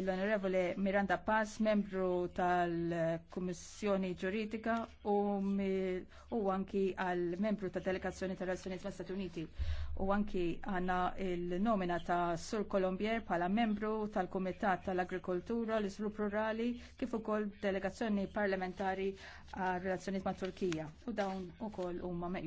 l-Onorevole Miranda Paz, membru tal-Kummissjoni Ġuridika u, u anki għal membru ta' Delegazzjoni tal relazzjoniet ma' Stati Uniti u anki għanna il-nomina ta' Sur Kolombier pala membru tal-Kumitat tal-Agrikoltura, l-Izvilupp Rurali kif ukoll Delegazzjoni Parlamentari għal relazzjoniet ma' Turkija u dawn ukoll huma meqju